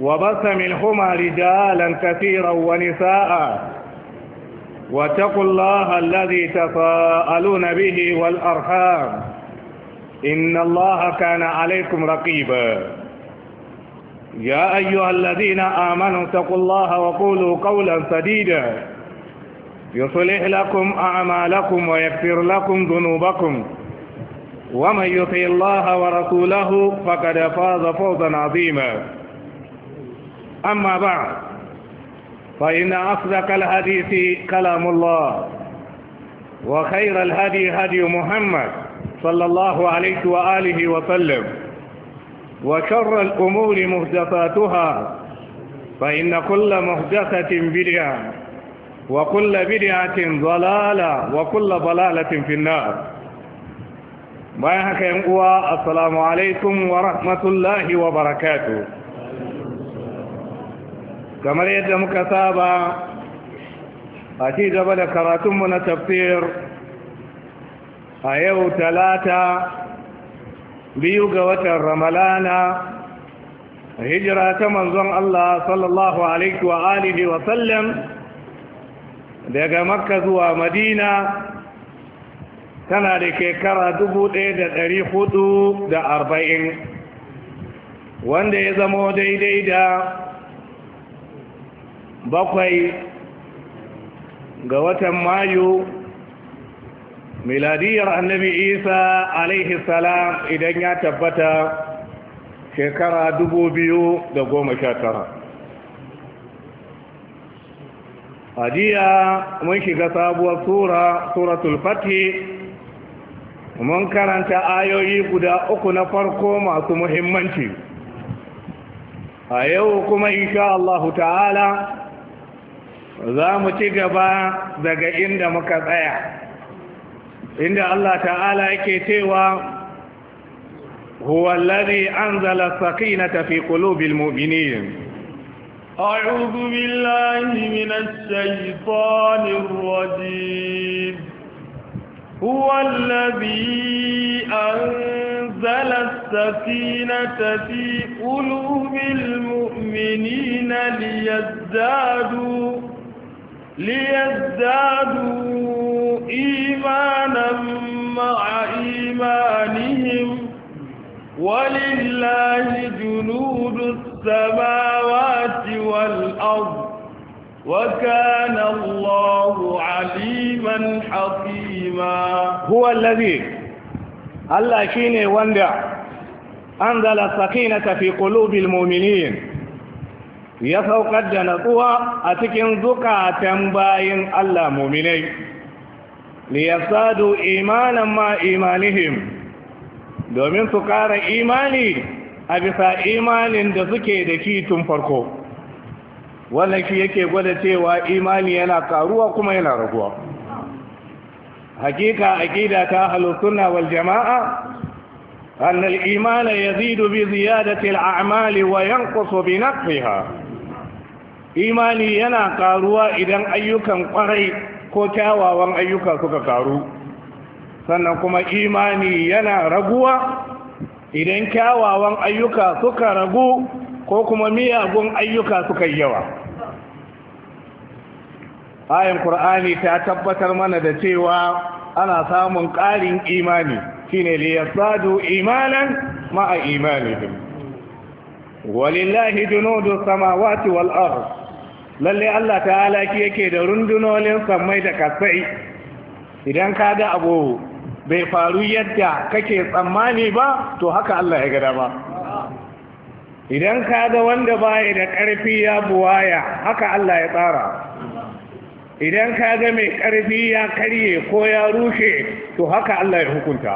وبث منهما رجالا كثيرا ونساء واتقوا الله الذي تساءلون به والأرحام إن الله كان عليكم رقيبا يا أيها الذين آمنوا اتقوا الله وقولوا قولا سديدا يصلح لكم أعمالكم ويكفر لكم ذنوبكم ومن يطيع الله ورسوله فقد فاز فوزا عظيما أما بعد فإن أصدق الحديث كلام الله وخير الهدي هدي محمد صلى الله عليه وآله وسلم وشر الأمور مهدفاتها فإن كل مهدفة بدعة وكل بدعة ضلالة وكل ضلالة في النار ما يحكي السلام عليكم ورحمة الله وبركاته kamar yadda muka saba a ci gaba da karatunmu na tafsir a yau talata biyu ga watan ramalana hijira ta manzon Allah sallallahu alaihi wa alihi wa sallam daga makka zuwa madina tana da shekara arba'in, wanda ya zamo daidai da bakwai ga watan mayu miladiyar annabi isa alaihi salam idan ya tabbata shekara dubu biyu da goma sha tara. jiya mun shiga sabuwar sura suratul mun karanta ayoyi guda uku na farko masu muhimmanci a yau kuma insha Allahu ta'ala za mu ci gaba daga inda muka tsaya inda Allah ta'ala yake cewa huwa allazi anzala sakinata fi qulubil mu'minin a'udhu billahi minash shaitanir rajim huwa allazi أنزل السكينة في قلوب المؤمنين ليزدادوا ليزدادوا إيمانا مع إيمانهم ولله جنود السماوات والأرض وكان الله عليما حكيما هو الذي الله شيني وندع أنزل السكينة في قلوب المؤمنين ya saukar da natsuwa a cikin zukatan bayin Allah muminai liyasadu imanan ma imanihim domin su kara imani a bisa imanin da suke da shi tun farko wannan shi yake gwada cewa imani yana karuwa kuma yana raguwa hakika aqida ta ahlus wal jamaa bi الإيمان a'mali wa الأعمال na بنقصها imani yana karuwa idan ayyukan kwarai ko kyawawan ayyuka suka karu sannan kuma imani yana raguwa idan kyawawan ayyuka suka ragu ko kuma miyagun ayyuka suka yawa ayin qur'ani ta tabbatar mana da cewa ana samun ƙarin imani shine liyassadu imanan ma'a imanihim walillahi junudu samawati wal ardh lalle Allah ta'ala ki yake da rundunolin samai da kasai idan ka ga abu bai faru yadda kake tsammani ba to haka Allah ya gada ba. idan ka ga wanda baya da ƙarfi ya buwaya haka Allah ya tsara idan ka ga mai ƙarfi ya karye ko ya rushe to haka Allah ya hukunta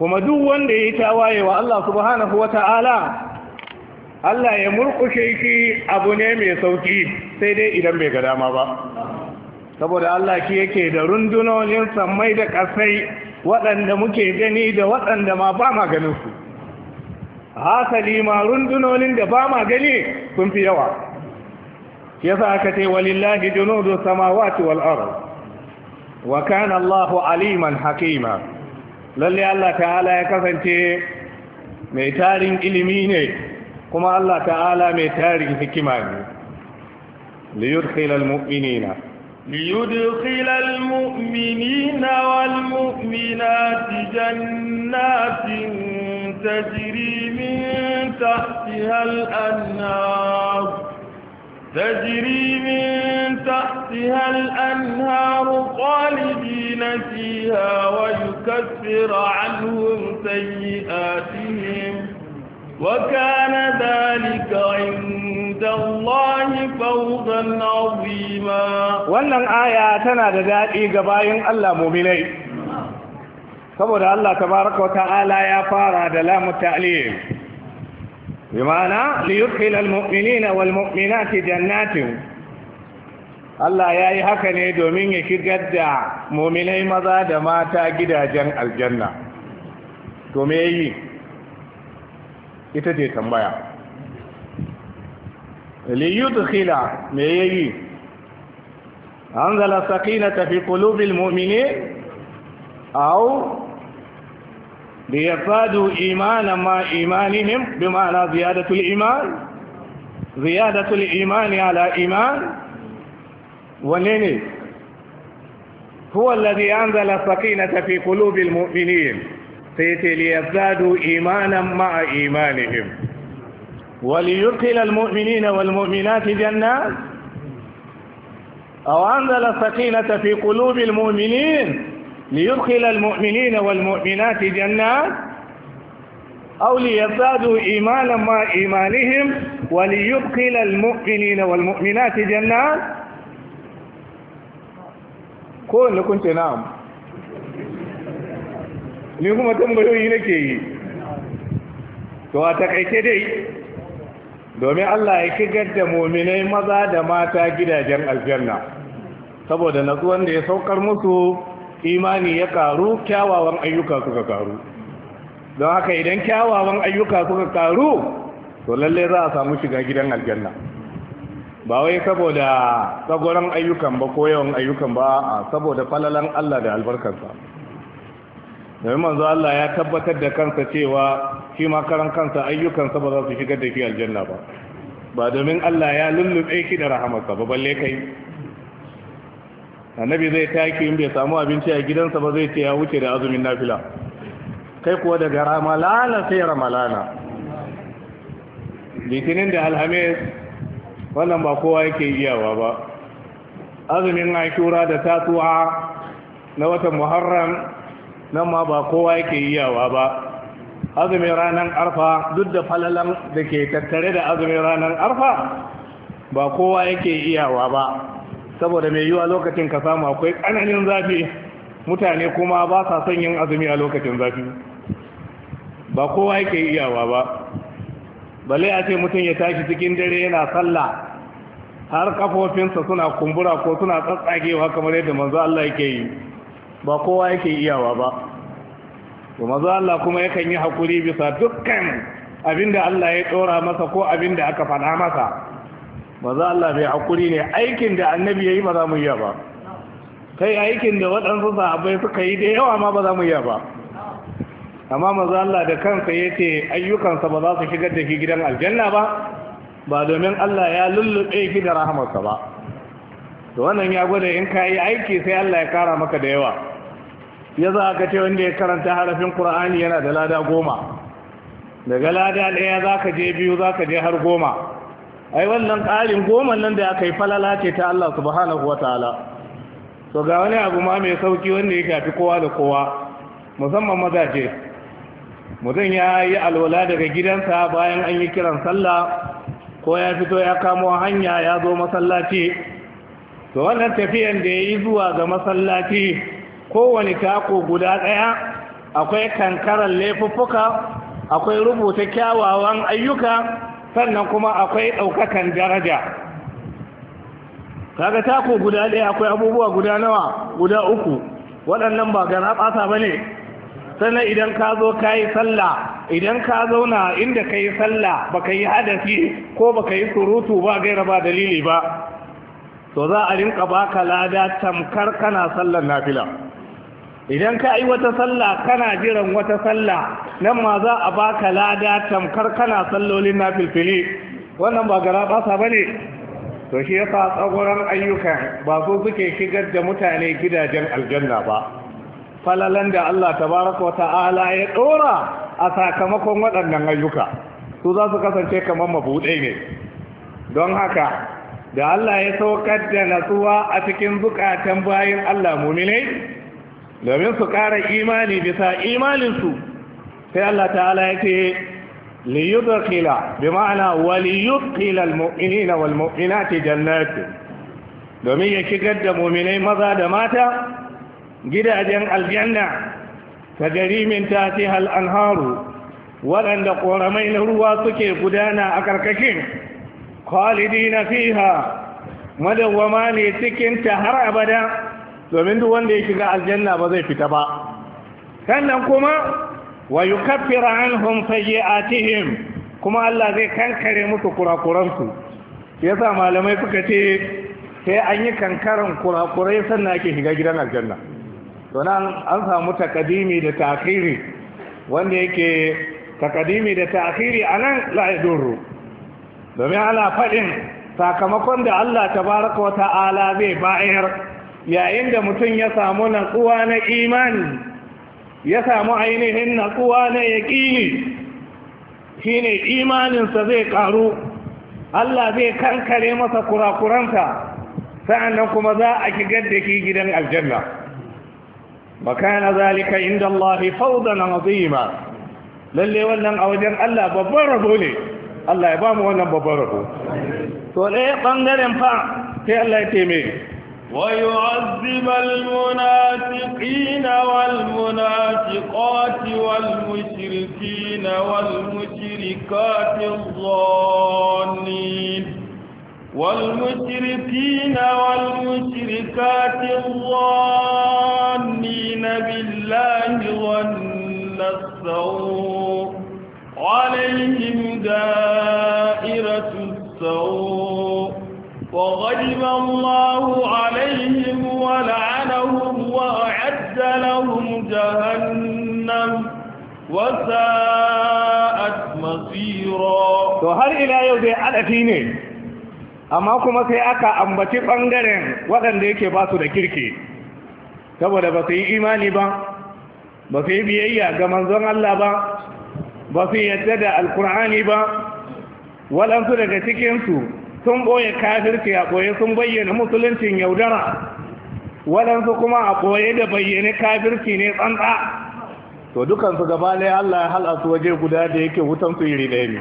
kuma duk wanda ya yi tawaye wa Allah subhanahu wata'ala Allah ya murkushe shi abu ne mai sauƙi, sai dai idan bai ga dama ba saboda Allah ki yake da rundunonin sammai da ƙasai waɗanda muke gani da waɗanda ma ba ma ganin su hasali ma rundunonin da ba ma gani sun fi yawa Ya sa aka ce walillahi junudu samawati wal ard wa kana Allahu aliman hakima lalle Allah ta'ala ya kasance mai tarin ilimi ne kuma Allah ta'ala mai tarin hikima ne liyudkhila almu'minina mu'minina wal mu'minati jannatin tajri min tahtiha al-anhar تجري من تحتها الأنهار خالدين فيها ويكفر عنهم سيئاتهم وكان ذلك عند الله فوزا عظيما wannan aya tana da daɗi ga bayan Allah mu'minai saboda Allah tabaaraka ta'ala ya fara da lamu ta'lim bima'ana li yudkhil al-mu'minina wal mu'minati jannatin Allah ya yi haka ne domin ya shigar da mu'minai maza da mata gidajen aljanna to me yi ita ce tambaya liyudkhila me ya yi. yayi anzala sakinata fi qulubil mu'minin aw liyazadu imanin ma imanihim bima'ana ziyadatul iman ziyadatul imani ala iman Wane ne huwa alladhi anzala sakinata fi qulubil mu'minin sai ليزدادوا إيمانا مع إيمانهم وليدخل المؤمنين والمؤمنات جنات أو أنزل السكينة في قلوب المؤمنين ليدخل المؤمنين والمؤمنات جنات أو ليزدادوا إيمانا مع إيمانهم وليدخل المؤمنين والمؤمنات جنات كون لكم نعم ni kuma tambayoyi nake yi to a takaice dai domin Allah ya kigar da muminai maza da mata gidajen aljanna saboda natsuwan da ya saukar musu imani ya karu kyawawan ayyuka suka karu don haka idan kyawawan ayyuka suka karu to lalle za a samu shiga gidan aljanna ba wai saboda tsagoran ayyukan ba ko yawan ayyukan ba saboda falalan Allah da albarkarsa domin manzo Allah ya tabbatar da kansa cewa shi ma karan kansa ayyukansa ba za su shigar da shi aljanna ba ba domin Allah ya lullube shi da rahamarsa ba balle kai annabi zai taki in bai samu abinci a gidansa ba zai ce ya wuce da azumin nafila kai kuwa daga ramalana sai ramalana litinin da alhamis wannan ba kowa yake iyawa ba azumin ashura da tatuwa na watan muharram nan ma ba kowa yake iyawa ba azumin ranar arfa duk da falalan da ke tattare da azumin ranar arfa ba kowa yake iyawa ba saboda mai yiwa lokacin ka samu akwai tsananin zafi mutane kuma ba sa son yin azumi a lokacin zafi ba kowa yake iyawa ba balle a ce mutum ya tashi cikin dare yana sallah har kafofinsa suna kumbura ko suna tsatsagewa kamar yadda manzo Allah yake yi ba kowa yake iyawa ba to manzo Allah kuma yakan yi hakuri bisa dukkan abinda Allah ya tsora masa ko abinda aka faɗa masa manzo Allah bai hakuri ne aikin da annabi yayi ba za mu iya ba kai aikin da waɗansu sahabbai suka yi da yawa ma ba za mu iya ba amma manzo Allah da kansa ce ayyukansa ba za su shigar da shi gidan aljanna ba ba domin Allah ya lullube shi da rahamarsa ba to wannan ya gwada in ka yi aiki sai Allah ya kara maka da yawa ya za ka ce wanda ya karanta harafin ƙura'ani yana da lada goma daga lada ɗaya za ka je biyu za ka je har goma ai wannan ƙarin goma nan da aka yi falala ce ta Allah subhanahu wa ta'ala to ga wani abu ma mai sauki wanda ya shafi kowa da kowa musamman mazaje mutum ya yi alwala daga gidansa bayan an yi kiran sallah ko ya fito ya kamo hanya ya zo masallaci to wannan tafiyan da ya yi zuwa ga masallaci kowane taku guda ɗaya akwai kankarar laifuffuka akwai rubuta kyawawan ayyuka sannan kuma akwai ɗaukakan daraja kaga taku guda ɗaya akwai abubuwa guda nawa guda uku waɗannan ba gana ɓasa ba ne sannan idan ka zo ka yi sallah idan ka zauna inda ka yi sallah ba ka yi hadafi ko ba ka yi surutu ba gaira ba dalili ba to za a rinka baka lada tamkar kana sallar nafila idan ka yi wata sallah kana jiran wata sallah nan ma za a baka lada tamkar kana sallolin na filfili wannan ba gara basa ba ne to shi yasa tsagoran ayyukan ba su suke shigar da mutane gidajen aljanna ba falalan da Allah tabaraka wa ta'ala ya ɗora a sakamakon waɗannan ayyuka su za su kasance kamar mabuɗe ne don haka da Allah ya saukar da natsuwa a cikin zukatan bayan Allah muminai domin su ƙara imani bisa imaninsu sai Allah ta'ala ya ce liyudkhila bi ma'ana waliyudkhila almu'minina walmu'minati jannati domin ya shigar da mu'minai maza da mata gidajen aljanna ta gari min tatiha anharu waɗanda ƙoramai na ruwa suke gudana a karkashin na fiha madawwama ne cikin ta har abada domin duk wanda ya shiga aljanna ba zai fita ba sannan kuma wa yukaffiru anhum sayi'atihim kuma Allah zai kankare musu kurakuransu yasa malamai suka ce sai an yi kankaran kurakurai sannan ake shiga gidan aljanna donan an samu takadimi da ta'khiri wanda yake takadimi da ta'khiri anan la yaduru domin ana faɗin sakamakon da Allah tabaraka wa ta'ala zai bayar yayin da mutum ya samu natsuwa na imani ya samu ainihin natsuwa na yaƙini shine imaninsa zai ƙaru Allah zai kankare masa kurakuranta sa'annan kuma za a shigar da shi gidan aljanna makana zalika inda Allah fawdan azima lalle wannan a wajen Allah babban rabo ne Allah ya ba mu wannan babban rabo to ɗaya ɓangaren fa sai Allah ya taimake ويعذب المنافقين والمنافقات والمشركين والمشركات الظانين والمشركين والمشركات الظانين بالله ظن السوء عليهم دائرة السوء وغضب الله عليهم ولعنهم وأعد لهم جهنم وساءت مصيرا to har ina yau zai alafi ne amma kuma sai aka ambaci ɓangaren waɗanda yake ba su da kirki saboda ba su yi imani ba ba su yi biyayya ga manzon Allah ba ba su yadda da alkur'ani ba waɗansu daga cikinsu sun boye kafirci a ɓoye sun bayyana musuluncin yaudara waɗansu kuma a ɓoye da bayyane kafirci ne tsantsa to dukansu gaba ne Allah ya hal'a waje guda da yake wutan su iri ɗaya ne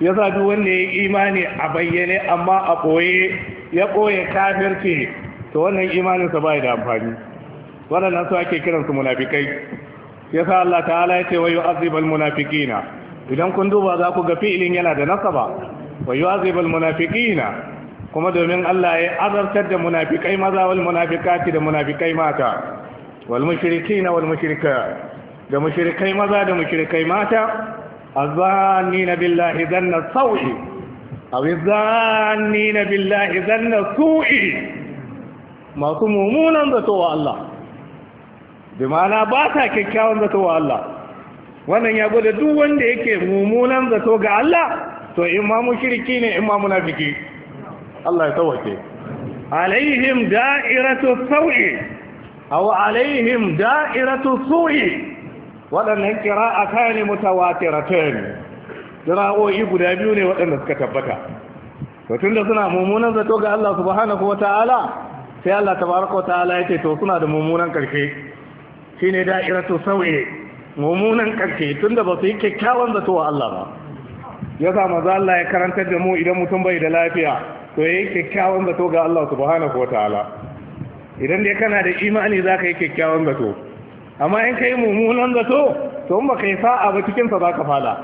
ya sa duk wanda ya yi imani a bayyane amma a ɓoye ya ɓoye kafirci to wannan sa ba da amfani waɗannan su ake kiransu munafikai ya sa Allah ta'ala ya ce wa yu'azzibal munafiqina idan kun duba za ku ga fi'ilin yana da nasaba ويعذب المنافقين كما munafiqina kuma domin Allah ya azartar da munafikai maza wal munafikati da munafikai mata wal mushrikina wal da mushrikai maza da mushrikai mata azannina billahi zanna sawi aw azannina billahi zanna su'i masu mumunan zato wa Allah kyakkyawan zato wannan ya gode duk wanda yake mumunan zato ga Allah to in ma mushriki ne in ma biki. Allah ya tawake alaihim da'iratu sawi aw alaihim da'iratu su'i waɗannan qira'atan mutawatiratan qira'o'i guda biyu ne waɗanda suka tabbata to tunda suna mummunan zato ga Allah subhanahu wataala sai Allah tabaraka wataala yake to suna da mummunan karshe shine da'iratu sawi mummunan karshe tunda ba su yi kyakkyawan zato wa Allah ba ya za manzo Allah ya karantar da mu idan mutum bai da lafiya to yayi kyakkyawan zato ga Allah subhanahu ta'ala idan dai kana da imani za ka yi kyakkyawan zato amma in kai mummunan zato to in baka yi sa'a ba cikin sa zaka fada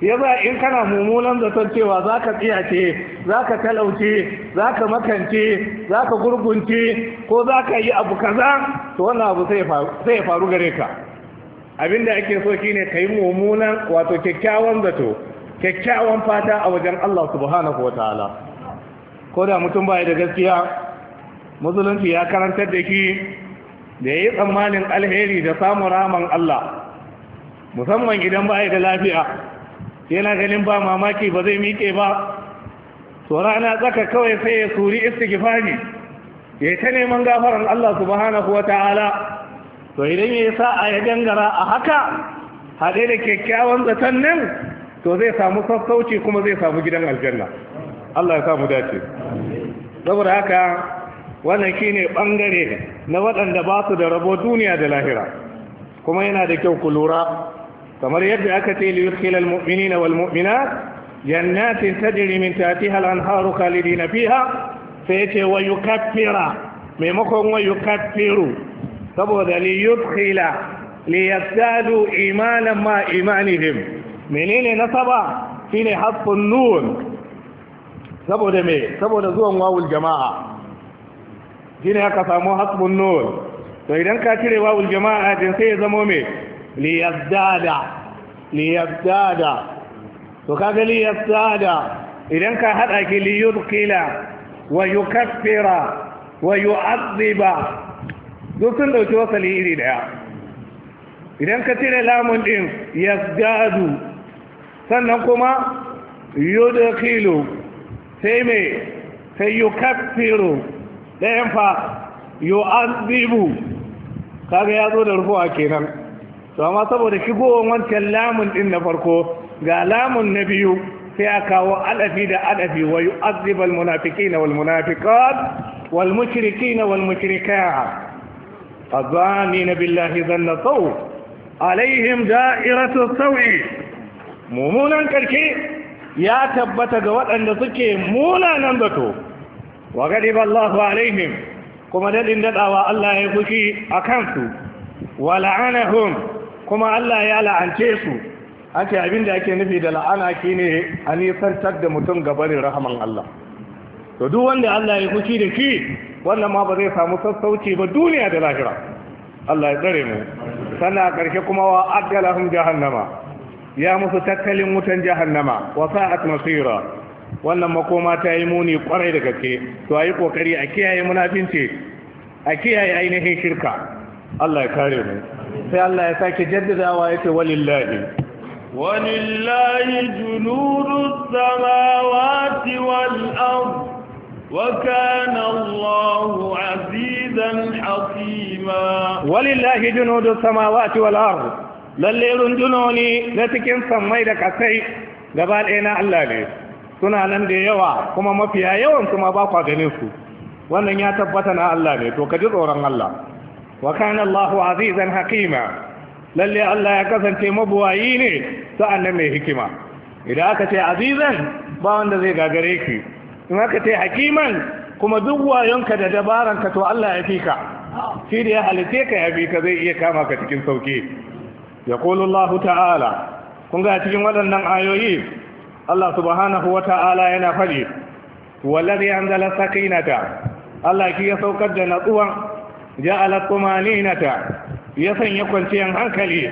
za in kana mummunan zaton cewa zaka tsiyace zaka talauce zaka makance ka gurgunce ko zaka yi abu kaza to wannan abu sai sai faru gare ka abinda ake so shine kai mummunan wato kyakkyawan zato kyakkyawan fata a wajen Allah subhanahu wa ta'ala ko da mutum baya da gaskiya musulunci ya karantar da shi da ya yi tsammanin alheri da samun raman Allah musamman idan baya da lafiya yana ganin ba mamaki ba zai miƙe ba to rana tsaka kawai sai ya suri istighfari ya ta neman gafarar Allah subhanahu wa ta'ala to idan ya sa a ya gangara a haka haɗe da kyakkyawan zaton nan to zai samu sassauci kuma zai samu gidan aljanna Allah ya samu dace saboda haka wannan shine bangare na waɗanda ba su da rabo duniya da lahira kuma yana da kyau ku lura kamar yadda aka ce li yudkhil al mu'minina wal mu'minat jannatin tajri min tahtiha al anharu khalidina fiha sai yace wa yukaffira maimakon wa yukaffiru saboda li yudkhila li yazdadu imanan ma imanihim menene nasaba shine hasfun nun saboda me saboda zuwan wawul jama'a shine aka samu hasbun nun to idan ka cire wawul jama'a din sai ya zamo me li yazdada li yazdada to kaga li yazdada idan ka hada ki li yudqila wa yukaffira wa yu'adhiba duk sun dauki wasali iri daya idan ka cire lamun din yazdadu sannan kuma yudkhilu sai me sai yukaffiru dayan fa yu'adhibu kaga ya zo da rufuwa kenan to amma saboda shigowar wancan lamun din na farko ga lamun na biyu sai a kawo adafi da adafi wa yu'adhibal munafiqina wal munafiqat wal mushrikina wal mushrikat الظانين بالله ظن السوء عليهم دائرة السوء mummunan karshe ya tabbata ga waɗanda suke munanan batu wa gadiba alaihim kuma dadin dadawa Allah ya fushi a kansu wa la'anahum kuma Allah ya la'ance su ake abinda da ake nufi da la'ana shine a nisantar da mutum gabarin rahaman Allah to duk wanda Allah ya fushi da shi wannan ma ba zai samu sassauci ba duniya da lahira Allah ya tsare mu sannan a ƙarshe kuma wa adalahum jahannama ya musu tattalin wutan jahannama wa sa'at masira wannan makoma ta yi muni kwarai da gaske to ayi kokari a kiyaye munafinci a kiyaye ainihin shirka Allah ya kare mu sai Allah ya sake jaddadawa yace walillahi walillahi junudus samawati wal ardh وكان azizan عزيزا Walillahi ولله جنود السماوات والأرض lalle rundunoni na cikin sammai da kasai gaba ɗaya na Allah ne suna nan da yawa kuma mafiya yawan kuma ba kwa ganin su wannan ya tabbata na Allah ne to ka ji tsoron Allah wa kana Allahu azizan hakima lalle Allah ya kasance mabuwayi ne sa'an nan mai hikima idan aka ce azizan ba wanda zai gagare ki in aka ce hakiman kuma duk wayonka da dabaranka to Allah ya fi ka shi da ya halitte ka ya fi ka zai iya kama ka cikin sauki yaqulu Allah ta'ala kun ga cikin waɗannan ayoyi Allah subhanahu wa ta'ala yana faɗi wallazi anzala sakinata Allah ki ya saukar da natsuwa ja'ala tumaninata ya sanya kwanciyar hankali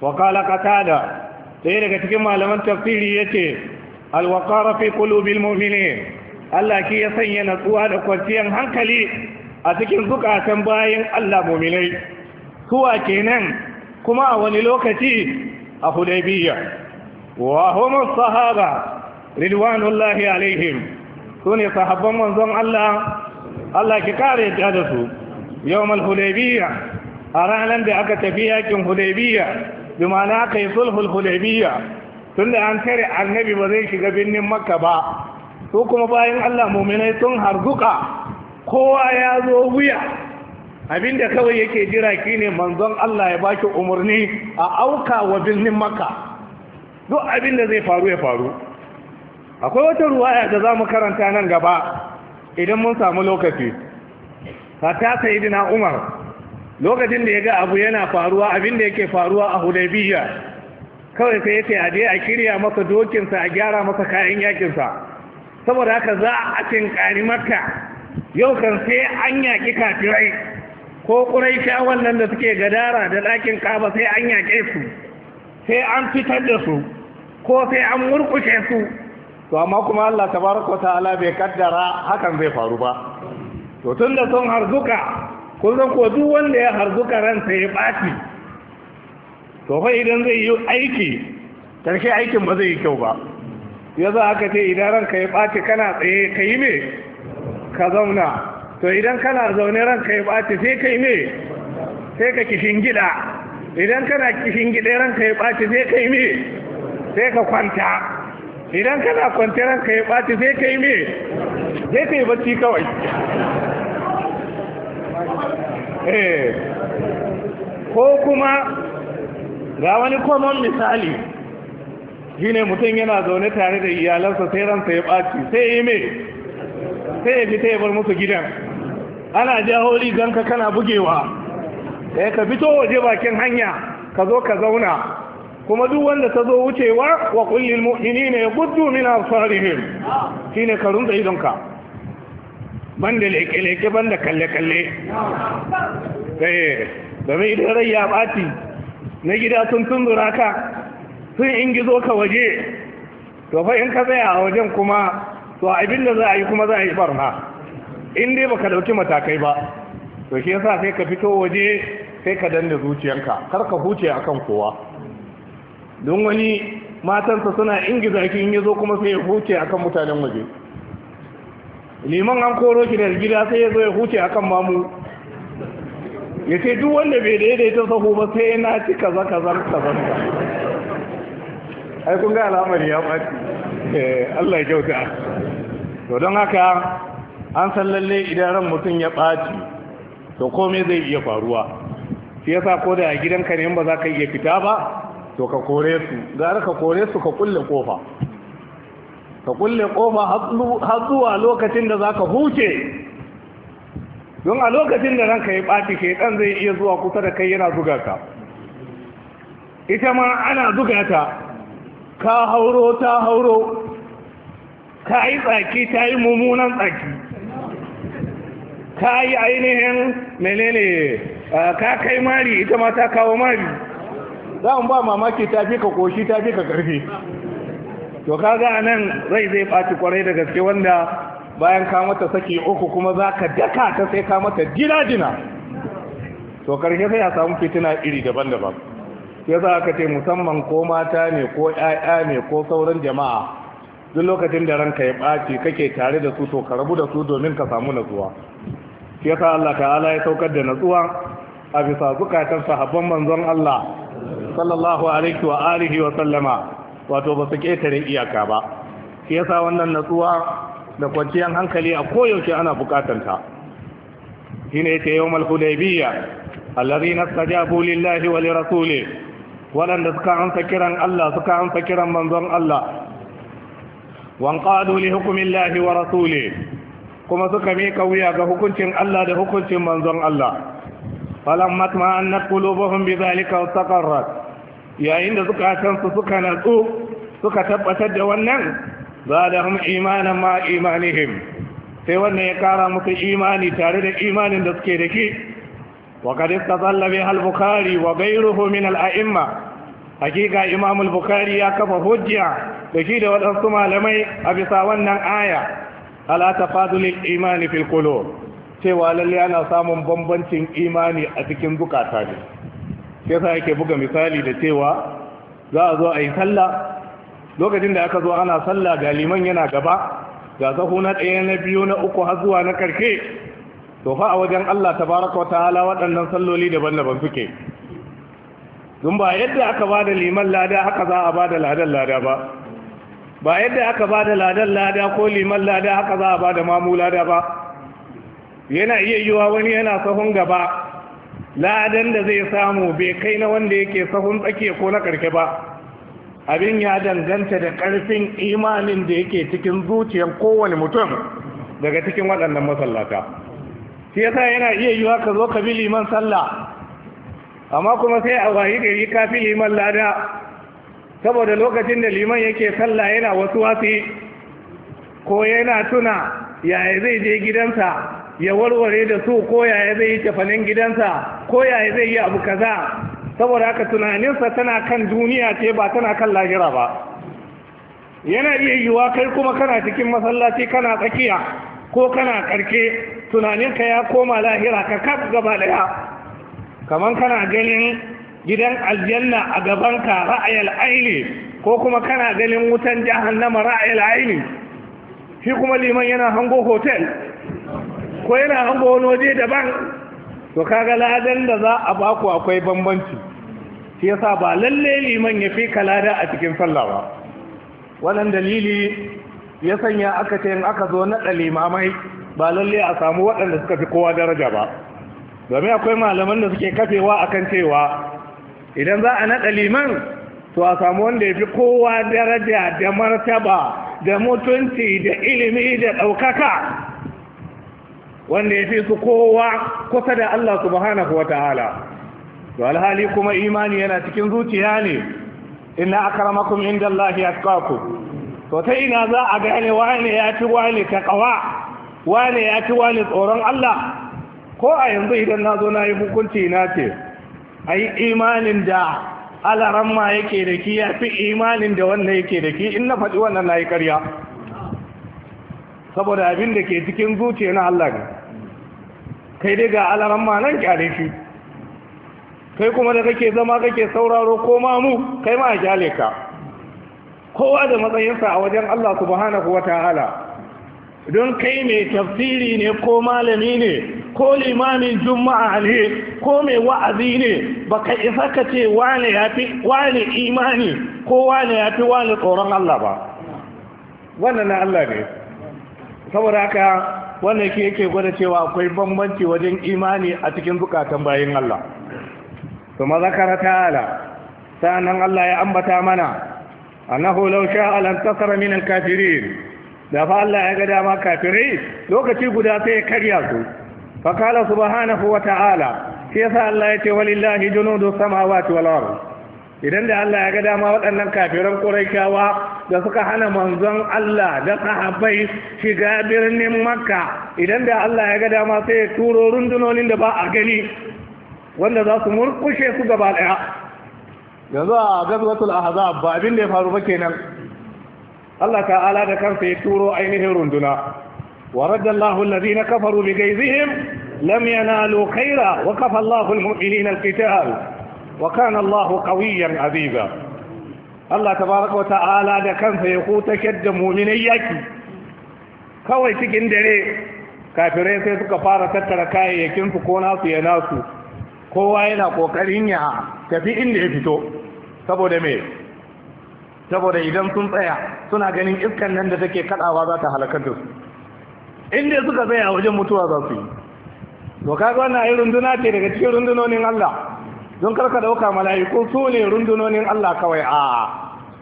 wa qala qatada Sai daga cikin malaman tafsiri yace. ce alwakara fi kulubil mu'minin Allah ki ya sanya natsuwa da kwanciyar hankali a cikin zukatan bayan Allah mu'minai suwa kenan kuma a wani lokaci a hudaybiya wa hum sahaba ridwanullahi alaihim sune sahabban manzon Allah Allah ki kare ya da su yawmal hudaybiya a ranar da aka tafi yakin hudaybiya Juma na aka yi sulhul hudaybiya tunda an tare annabi ba zai shiga birnin makka ba su kuma bayan Allah muminai sun harzuka kowa ya zo wuya abinda kawai yake jira ne manzon Allah ya baki umarni a auka wa birnin maka. duk abinda zai faru ya faru akwai wata ruwaya da za mu karanta nan gaba idan mun samu lokaci yi dina umar lokacin da ya ga abu yana faruwa abinda yake faruwa a hudaybiya kawai sai yace a je a kirya masa dokinsa a gyara masa kayan yakinsa saboda haka za a cin kari yau kan sai an yaki kafirai ko ƙuraisha nan da suke gadara da ɗakin kaba sai an yaƙe su sai an fitar da su ko sai an murkushe su to amma kuma Allah Ta tabaraka ta'ala bai kaddara hakan zai faru ba to tun da sun harzuka kun zan ko duk wanda ya harzuka ransa ya ɓaci to fa idan zai yi aiki karshe aikin ba zai yi kyau ba ya haka aka ce idan ranka ya ɓaci kana tsaye ka yi me ka zauna to idan kana zaune ranka ya ɓaci sai kai me sai ka kishin gida idan kana kishin gida ranka ya ɓaci sai kai me sai ka kwanta idan kana kwanta ranka ya ɓaci sai kai me sai ka yi bacci kawai eh. ko kuma ga wani common misali shi ne mutum yana zaune tare da iyalansa sai ransa ya ɓaci sai yi mai sai ya fi ya bar musu gidan ana jawo riganka kana bugewa ɗaya eh, ka fito waje bakin hanya ka zo ka zauna kuma duk wanda ta zo wucewa wa kullil ya gudu min absarihim shine ka runda idonka banda leke leke banda kalle kalle eh domin idan rai ya bati na gida sun tunzura ka sun ingizo ka waje to fa in ka tsaya a wajen kuma to abin da za a yi kuma za a yi barna in dai baka dauki matakai ba to shi yasa sai ka fito waje sai ka danna zuciyarka kar ka huce akan kowa don wani matansa suna ingiza ki in yazo kuma sai ya huce akan mutanen waje liman an koro ki da gida sai ya zo ya huce akan mamu ya ce duk wanda bai daidaita sahu ba sai na ci kaza kaza kaza ai kun ga al'amari ya ɓaci eh, Allah ya kyauta to don haka an san lalle idan ran mutum ya ɓaci to komai zai iya faruwa shi yasa ko da a gidanka ne ba za ka iya fita ba to ka kore su gara ka kore su ka kulle kofa ka kulle kofa har zuwa lokacin da za ka huce don a lokacin da ranka ya ɓaci shaidan zai iya zuwa kusa da kai yana zuga ka ita ma ana zuga ta ka hauro ta hauro ka yi tsaki ta yi mummunan tsaki ka yi ainihin menene ka kai mari ita ma ta kawo mari za mu ba mamaki ta fi ka koshi ta fi ka karfi to kaga ga nan rai zai ɓaci kwarai da gaske wanda bayan ka mata saki uku kuma za ka daka ta sai ka mata jina-jina to karshe sai a samu fitina iri daban-daban ya za ka ce musamman ko mata ne ko 'ya'ya ne ko sauran jama'a duk lokacin da ranka ya ɓaci kake tare da su to ka rabu da su domin ka samu natsuwa shi yasa Allah ta'ala ya saukar da natsuwa a bisa zukatan sahabban manzon Allah sallallahu alaihi wa alihi wa sallama wato ba su ketare iyaka ba shi yasa wannan natsuwa da kwanciyar hankali a koyaushe ana ta shine yake yawmal hudaybiyya allazina istajabu lillahi wa lirasuli waɗanda suka amsa kiran Allah suka amsa kiran manzon Allah wan qalu li hukmillahi wa rasuli kuma suka miƙa wuya ga hukuncin Allah da hukuncin manzon Allah falan matma an na bi zalika taqarrat yayin da suka san su suka natsu suka tabbatar da wannan hum imanan ma imanihim sai wannan ya kara musu imani tare da imanin da suke da ke? wa ta zalla bi al-bukhari wa ghayruhu min al-a'imma hakika imam al-bukhari ya kafa hujja da shi da waɗansu malamai a bisa wannan aya ala tafadulil imani fil cewa lalle ana samun bambancin imani a cikin zukata ne sai sa yake buga misali da cewa za a zo a yi sallah lokacin da aka zo ana sallah ga liman yana gaba ga sahu na ɗaya na biyu na uku har zuwa na karshe to fa a wajen Allah tabaraka wa ta'ala waɗannan salloli daban-daban suke dun ba yadda aka ba da liman lada haka za a ba da ladan lada ba ba yadda aka ba da ladan lada ko liman lada haka za a ba da mamu lada ba yana iya yiwa wani yana sahun gaba ladan da zai samu bai kai na wanda yake sahun tsakiya ko na karke ba abin ya danganta da karfin imanin da yake cikin zuciyar kowane mutum daga cikin waɗannan masallata shi yasa yana iya yiwa ka zo ka bi liman sallah amma kuma sai a wayi gari ka fi liman lada saboda lokacin da liman yake sallah yana wasu wasi ko yana tuna yaya zai je gidansa ya warware da su ko yaya zai yi tafanin gidansa ko yaya zai yi abu kaza saboda haka tunaninsa tana kan duniya ce ba tana kan lahira ba yana iya yiwa kai kuma kana cikin masallaci kana tsakiya ko kana karke tunaninka ya koma lahira ka kaf gaba daya kamar kana ganin gidan aljanna a gabanka ra'ayal aini ko kuma kana ganin wutan jahannama ra'ayal aini shi kuma liman yana hango hotel ko yana hango wani waje daban to kaga ladan da za a baku akwai bambanci shi yasa ba lalle liman ya fi kalada a cikin sallawa. wannan dalili ya sanya aka ce in aka zo naɗa limamai ba lalle a samu waɗanda suka fi kowa daraja ba domin akwai malaman da suke kafewa akan cewa idan za a naɗa liman to a samu wanda ya fi kowa daraja da martaba da mutunci da ilimi da ɗaukaka wanda ya fi su kowa kusa da Allah subhanahu wata'ala to alhali kuma imani yana cikin zuciya ne Ina a karamakon inda Allah ya to ta ina za a gane wane ya ci wane takawa wane ya ci wane tsoron Allah ko a yanzu idan na zo na yi hukunci na ce yi imanin da alaran ma yake da ki ya fi imanin da wannan yake da ki in na faɗi wannan na yi ƙarya saboda abin da ke cikin zuciya na Allah ne kai dai ga alaran ma nan kyale shi kai kuma da kake zama kake sauraro ko ma mu kai ma a kyale ka kowa da matsayinsa a wajen Allah subhanahu wa ta'ala don kai mai tafsiri ne ko malami ne ko limamin juma'a ne ko mai wa'azi ne baka isa ka ce wane yafi wane imani ko wane yafi wane tsoron Allah ba wannan na Allah ne saboda haka wannan ke yake gwada cewa akwai bambanci wajen imani a cikin zukatan bayan Allah to mazakara ala sanan Allah ya ambata mana annahu law sha'a lan tasara kafirin da fa Allah ya ga dama kafirai lokaci guda sai ya karya su fa kala subhanahu wa ta'ala sai sa Allah ya ce walillahi junudu samawati wal ard idan da Allah ya ga dama waɗannan kafiran Qurayshawa da suka hana manzon Allah da sahabbai shiga birnin Makka idan da Allah ya ga dama sai ya turo rundunonin da ba a gani wanda za su murkushe su gaba daya yanzu a gazwatul ahzab ba abin da ya faru ba kenan Allah ta'ala da kansa ya turo ainihin runduna wa raddallahu alladhina kafaru bi ghayzihim lam yanalu khaira wa kafa Allahu almu'minina alqital wa kana Allahu qawiyyan aziza Allah tabaraka wa ta'ala da kansa ya huta da mu'minai yaki kawai cikin dare kafirai sai suka fara tattara kayayyakin su ko nasu ya nasu kowa yana kokarin ya tafi inda ya fito saboda me saboda idan sun tsaya suna ganin iskan nan da take kadawa za ta halakar da su inda suka tsaya wajen mutuwa za su yi to kaga wannan ayi runduna ce daga cikin rundunonin Allah don karka dauka mala'iku su ne rundunonin Allah kawai a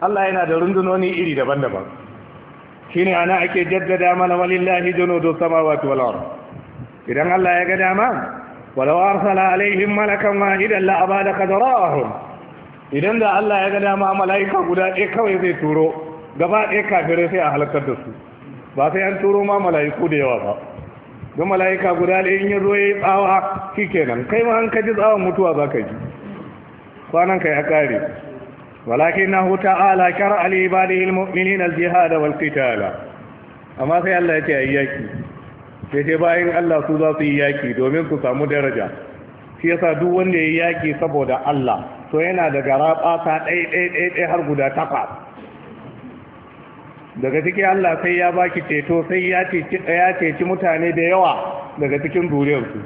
Allah yana da rundunoni iri daban-daban shine ana ake jaddada mana walillahi junudu samawati wal ard idan Allah ya ga dama walau arsala alaihim malakan wahidan la abada qadarahum idan da Allah ya ga dama mala'ika guda ɗaya kawai zai turo gaba ɗaya kafirai sai a halakar da su ba sai an turo ma mala'iku da yawa ba don mala'ika guda ɗaya in ya zo ya yi tsawa shi kenan kai ma an ji tsawon mutuwa za ka ji kwanan ka ya ƙare walakin na huta ala kyar alibadi na aljihada wal qitala amma sai Allah ya ce a yi yaƙi sai ce bayan Allah su za su yi yaƙi domin su samu daraja shi yasa duk wanda ya yi yaƙi saboda Allah to yana da gara ɓata har guda takwas daga ciki Allah sai ya baki ceto sai ya ceci mutane da yawa daga cikin duriyarsu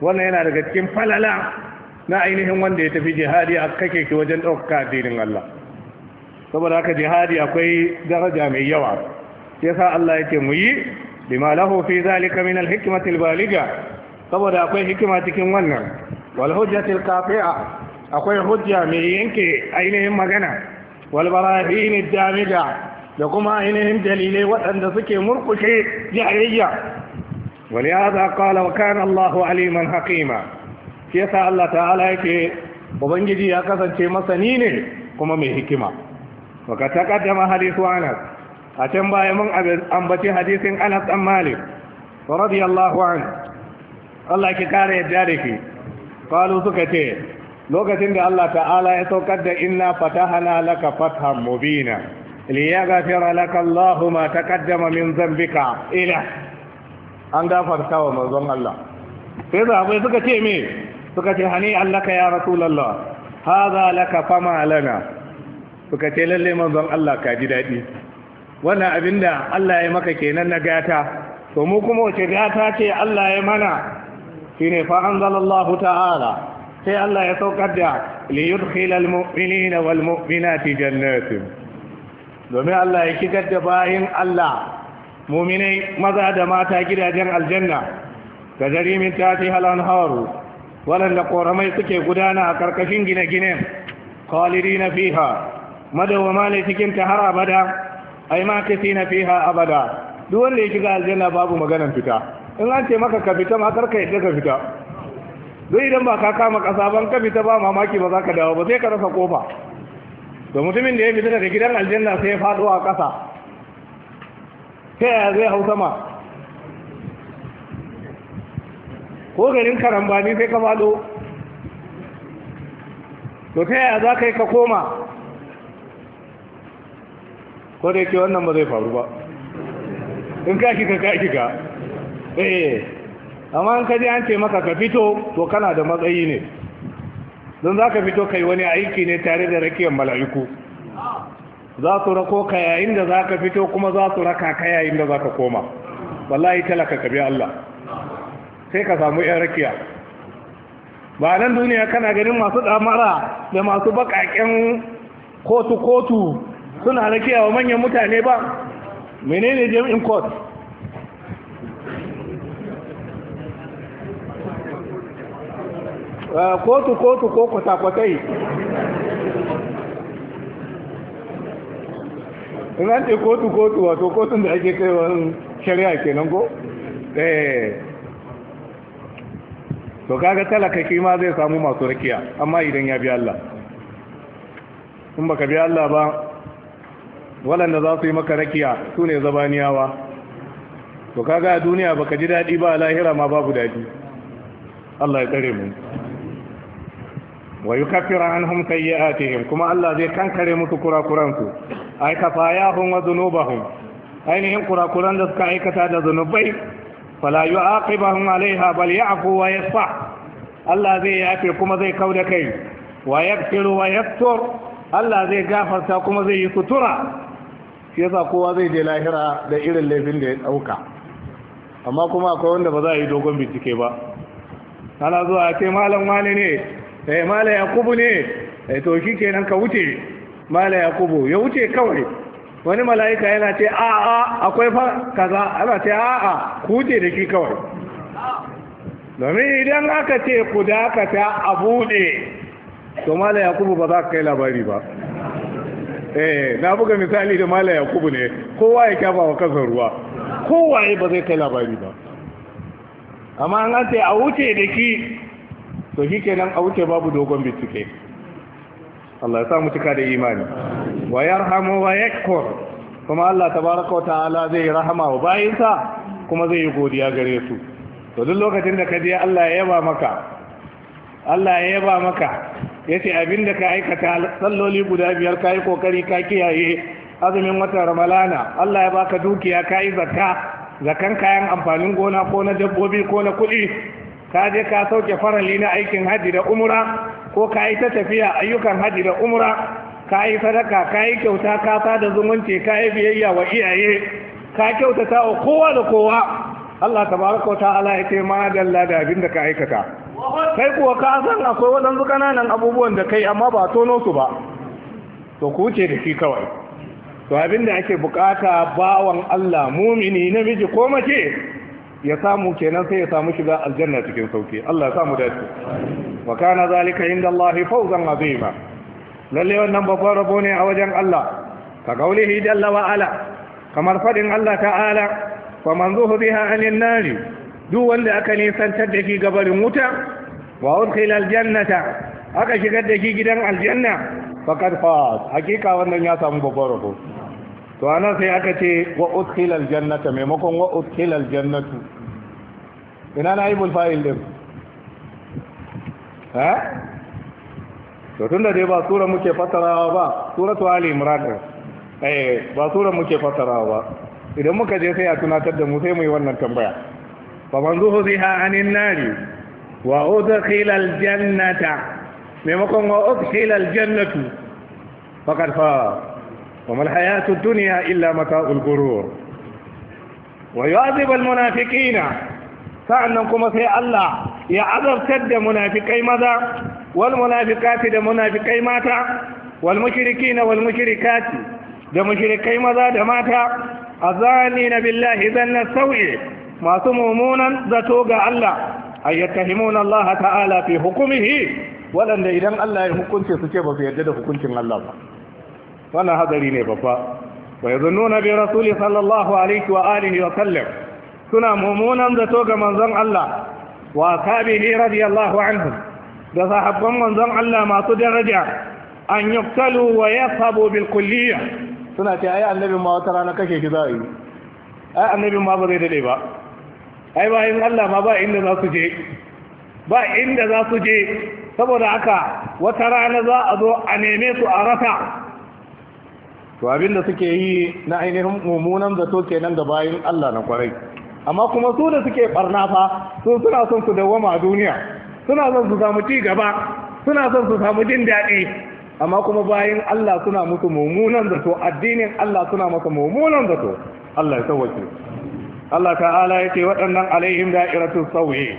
wannan yana daga cikin falala na ainihin wanda ya tafi jihadi a kake ki wajen ɗaukaka addinin Allah saboda haka jihadi akwai daraja mai yawa yasa Allah yake mu yi bima lahu fi zalika min alhikmatil baliga saboda akwai hikima cikin wannan wal hujjatil qatia akwai hujja mai yanke ainihin magana walbarahin jami'a da kuma ainihin dalilai waɗanda suke murkushe jayayya wani ya za kala wa kan Allahu aliman hakima Ke sa Allah ta'ala yake ubangiji ya kasance masani ne kuma mai hikima wa ka taqaddama hadithu Anas a can baya mun ambaci hadisin Anas dan Malik radiyallahu an. Allah ki kare yadda da ki qalu suka ce lokacin da Allah ta'ala ya saukar da inna fatahana laka fathan mubina liyaghfira laka Allahu ma taqaddama min dhanbika ila an gafarta wa manzon Allah sai sahabbai suka ce me suka ce hani allaka ya rasulullah hadha laka fama lana suka ce lalle manzon Allah ka ji dadi wannan abinda Allah ya maka kenan na gata to mu kuma wace gata ce Allah ya mana shine fa anzalallahu ta'ala sai Allah ya saukar da liyudkhilal mu'minina wal mu'minati jannatin domin Allah ya shigar da bayin Allah mu'minai maza da mata gidajen aljanna da jarimin tati halan haru waɗanda ƙoramai suke gudana a ƙarƙashin gine-ginen na fiha madawama ne cikin ta har abada ai ma na fiha abada duk wanda ya shiga aljanna babu maganar fita in an ce maka ka fita ma ka yadda ka fita zai idan ba ka kama ƙasa ban ka fita ba mamaki ba za ka dawo ba sai ka rasa kofa da mutumin da ya fita daga gidan aljanna sai ya faɗo a ƙasa ta yaya zai hau sama ko garin karambani sai ka faɗo to ta yaya za ka yi ka koma ko da yake wannan ba zai faru ba in ka kika ka kika eh amma in ka ji an ce maka ka fito to kana da matsayi ne don za ka fito kai wani aiki ne tare da rakiyar mala'iku za su rako ka yayin da za ka fito kuma za su raka ka yayin da za ka koma wallahi talaka ka bi Allah sai ka samu yan rakiya ba nan duniya kana ganin masu damara da masu bakaken kotu-kotu suna rakiya wa manyan mutane ba menene jami'in kotu Ah, kotu kotu ko kwata-kwatai ina ce kotu kotu wato kotun da ake kai wani shari'a kenan ko? ee eh. to kaga talaka kima zai samu masu rakiya amma idan ya bi Allah in baka bi Allah ba waɗanda za su yi maka rakiya su ne zabaniyawa to kaga a duniya baka ji daɗi ba lahira ma babu daɗi Allah ya tsare mu wa yukaffiru anhum sayyi'atihim kuma Allah zai kankare musu kurakuran su ay kafayahum wa dhunubahum ainihin kurakuran da suka aikata da zunubai fala yu'aqibuhum 'alayha bal ya'fu wa yasfah Allah zai yafe kuma zai kauda kai wa yaghfiru wa yastur Allah zai gafarta kuma zai yi sutura shi yasa kowa zai je lahira da irin laifin da ya dauka amma kuma akwai wanda ba za a yi dogon bincike ba ana zuwa a ce malam wane ne eh mala yakubu ne eh to shikenan ka wuce mala yakubu ya wuce kawai wani mala'ika yana ce a a akwai fa kaza ana ce a a ku wuce da shi kawai domin idan aka ce ku dakata a buɗe to mala yakubu ba za ka kai labari ba eh na buga misali da mala yakubu ne kowa ya kafa wa kasar ruwa kowa ba zai kai labari ba amma an ce a wuce da ki to shi kenan a wuce babu dogon bincike Allah ya sa mu cika da imani wa yarhamu wa yakfur kuma Allah tabaraka wa ta'ala zai rahama wa bayinsa kuma zai yi godiya gare su to duk lokacin da ka je Allah ya yaba maka Allah ya yaba maka yace abinda ka aikata salloli guda biyar kai kokari ka kiyaye azumin watan ramalana Allah ya baka dukiya kai zakka zakan kayan amfanin gona ko na dabbobi ko na kuɗi ka je ka sauke farali na aikin haji da umra ko ka yi ta tafiya ayyukan haji da umra ka yi sadaka ka yi kyauta ka da zumunci ka yi biyayya wa iyaye ka kyautata wa kowa da kowa Allah tabaraka ta'ala ya ce da Allah da abin da ka aikata kai kuwa ka san akwai waɗansu ƙananan abubuwan da kai amma ba tono su ba to ku ce da shi kawai to abin da ake bukata bawan Allah mumini namiji ko mace ya samu kenan sai ya samu shiga aljanna cikin sauki Allah ya samu dace wa kana zalika inda Allah fawzan azima lalle wannan babban rabo ne a wajen Allah ka kaulihi dalla wa ala kamar fadin Allah ta'ala fa man zuhu anin nari duk wanda aka nisantar da shi gabarin wuta wa udkhila aljannata aka shigar da shi gidan aljanna faqad faz hakika wannan ya samu babban rabo to anan sai aka ce wa udkhila jannata, maimakon wa udkhila jannatu. ina na ibul fa'il din ha to tunda dai ba sura muke fatarawa ba suratu ali imran eh ba sura muke fatarawa ba idan muka je sai a tunatar da mu sai mu yi wannan tambaya fa man zuhziha anin nari wa udkhila jannata, maimakon wa udkhilal jannatu. fakar fa وما الحياة الدنيا إلا متاء الغرور ويعذب المنافقين فأنكم في الله يعذب سد منافقي ماذا والمنافقات ده منافقي ماتا والمشركين والمشركات ده مشركي ماذا ده ماتا الظانين بالله ظن السوء ما سمومونا ذاتوغا الله أن يتهمون الله تعالى في حكمه ولن إذن الله يحكمك سكيبا في يدد حكمك الله wannan hadari ne babba wa yazunnuna bi rasuli sallallahu alaihi wa alihi wa sallam suna mummunan da toga manzon Allah wa ashabihi radiyallahu anhum da sahabban manzon Allah masu daraja an yuktalu wa yasabu bil kulliyya suna ce ai annabin ma wata rana kashe shi za a yi ai annabin ma ba zai dade ba ai bayan Allah ma ba inda za su je ba inda za su je saboda haka wata rana za a zo a neme su a rasa to da suke yi na ainihin mummunan zato kenan da bayan Allah na kwarai amma kuma su da suke barna fa su suna son su dawwama a duniya suna son su samu ci gaba suna son su samu jin daɗi amma kuma bayan Allah suna musu mummunan zato addinin Allah suna masa mummunan zato Allah ya sauwace Allah ta'ala ya ce waɗannan alaihim da'iratu sauye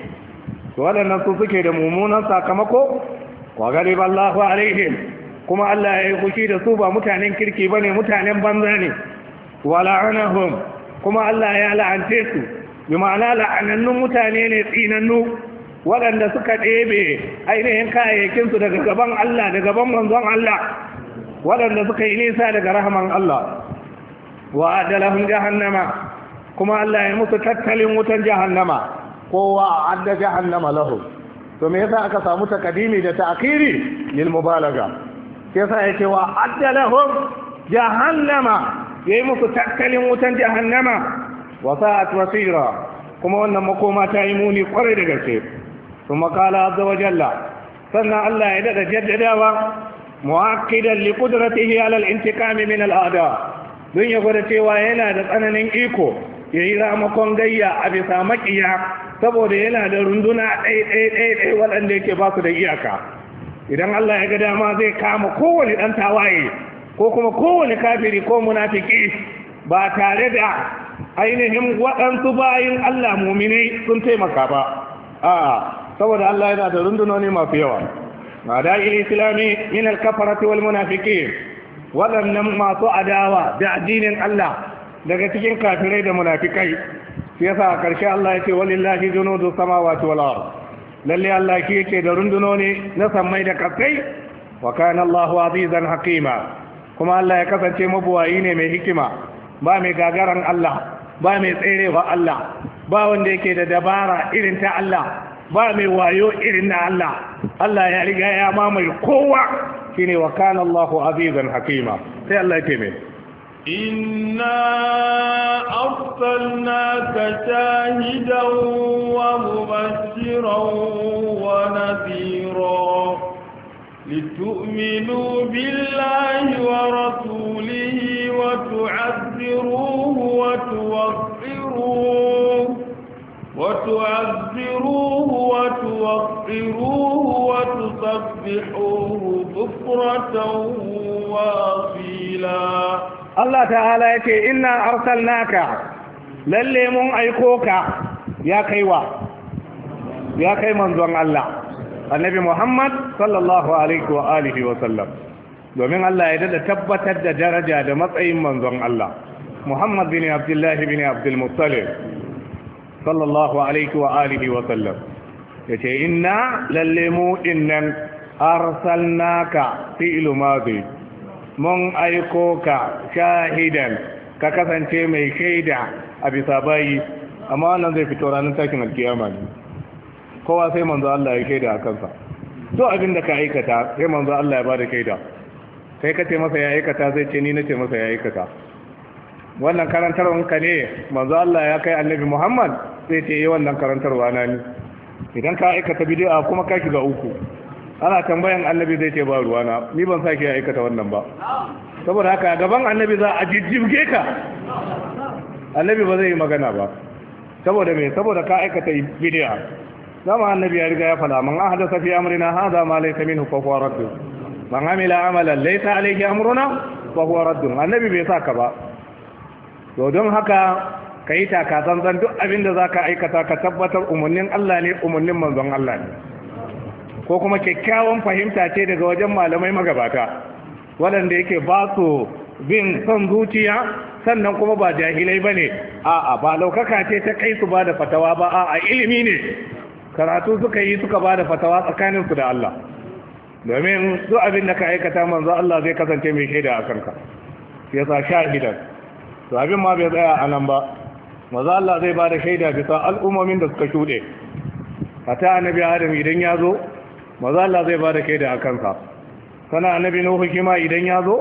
to waɗannan su suke da mummunan sakamako wa galiba Allahu alaihim kuma Allah ya yi fushi da su ba mutanen kirki ba ne mutanen banza ne wala'anahum kuma Allah ya la'ance su bi ma'ana la'anannun mutane ne tsinannu waɗanda suka ɗebe ainihin kayayyakinsu daga gaban Allah da gaban manzon Allah waɗanda suka yi nisa daga rahaman Allah wa adalahum jahannama kuma Allah ya musu tattalin wutan jahannama kowa adda jahannama lahu to me yasa aka samu takadimi da ta'khiri lil mubalaga sai sa ce wa addalahum jahannama yayi musu tattalin wutan jahannama wa sa'at masira kuma wannan makoma ta yi muni kwarai da gaske kuma kala azza wa jalla sannan Allah ya dada jaddadawa mu'akkidan li qudratihi ala al-intiqam min al-a'da don ya gwada cewa yana da tsananin iko yayi ramakon gayya a bisa makiya saboda yana da runduna ɗai ɗai ɗai waɗanda yake ba su da iyaka idan Allah ya ga dama zai kama kowane ɗan tawaye ko kuma kowane kafiri ko munafiki ba tare da ainihin waɗansu bayan Allah muminai sun taimaka ba a saboda Allah yana da rundunoni masu yawa ma da'il islami min al-kafarati wal munafiki waɗannan masu adawa da addinin Allah daga cikin kafirai da munafikai shi yasa a ƙarshe Allah ya ce walillahi junudu samawati wal ardh lalle Allah shi yake da rundunoni na sammai da kasai wa kana Allahu azizan hakima kuma Allah ya kasance mabuwayi ne mai hikima ba mai gagaran Allah ba mai tserewa Allah ba wanda yake da dabara irin ta Allah ba mai wayo irin na Allah Allah ya riga ya mamaye kowa shine wa kana Allahu azizan hakima sai Allah ya taimake إنا أرسلناك شاهدا ومبشرا ونذيرا لتؤمنوا بالله ورسوله وتعذروه وتوفروه وتعذروه وتوقروه وتسبحوه بكرة وأصيلا Allah ta'ala ya ce inna naka lalle mun aiko ka ya kaiwa ya kai manzon Allah annabi Muhammad sallallahu alaihi wa alihi wa sallam domin Allah ya dada tabbatar da daraja da matsayin manzon Allah Muhammad bin Abdullah bin Abdul Muttalib sallallahu alaihi wa alihi wa sallam yace inna lalle mu dinnan arsalnaka fi'lu madhi mun aiko ka shahidan ka kasance mai shaida a bisa bayi amma wannan zai fito ranar takin alkiyama ne kowa sai manzo Allah ya shaida a kansa to abin da ka aikata sai manzo Allah ya bada shaida kai ka ce masa ya aikata zai ce ni na ce masa ya aikata wannan karantarwar ka ne manzo Allah ya kai annabi Muhammad sai ce yi eh, wannan karantarwa na ni idan ka aikata bid'a kuma ka shiga uku ana tambayan annabi zai ce ba ruwana ni ban sake aikata wannan ba saboda haka gaban annabi za a jijjibge ka annabi ba zai yi magana ba saboda me saboda ka aikata bid'a dama annabi ya riga ya fada man ahdatha fi amrina hadha ma laysa minhu fa huwa radd man amila amalan laysa alayhi amruna fa huwa radd annabi bai saka ba to don haka kai ta ka zanzan duk abin da zaka aikata ka tabbatar umarnin Allah ne umarnin manzon Allah ne ko kuma kyakkyawan fahimta ce daga wajen malamai magabata waɗanda yake ba su bin son zuciya sannan kuma ba jahilai ba ne a'a ba laukaka ce ta kai su ba da fatawa ba a'a ilimi ne karatu suka yi suka ba da fatawa tsakaninsu da Allah domin su abin da ka aikata manzo Allah zai kasance mai shaida a kanka ya sa shahidan to abin ma bai tsaya a nan ba manzo Allah zai ba da shaida bisa al'ummomin da suka shuɗe a annabi Adam idan ya zo maza Allah zai ba da kai da akansa sana annabi nuhu kima idan ya zo